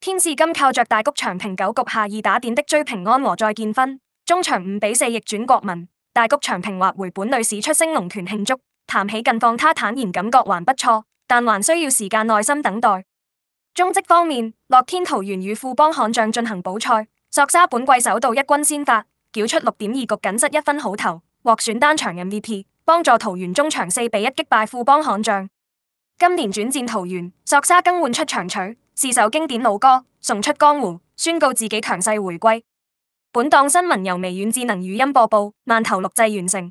天使今靠着大谷翔平九局下二打點的追平安和再見分，終場五比四逆轉國民。大谷翔平滑回本壘使出升龍拳慶祝。談起近況，他坦言感覺還不錯，但還需要時間耐心等待。中職方面，樂天桃園與富邦悍將進行補賽，索沙本季首度一軍先發，繳出六點二局僅失一分好投，獲選單場 MVP，幫助桃園終場四比一擊敗富邦悍將。今年轉戰桃園，索沙更換出場取。自首經典老歌，重出江湖，宣告自己強勢回歸。本檔新聞由微軟智能語音播報，慢投錄製完成。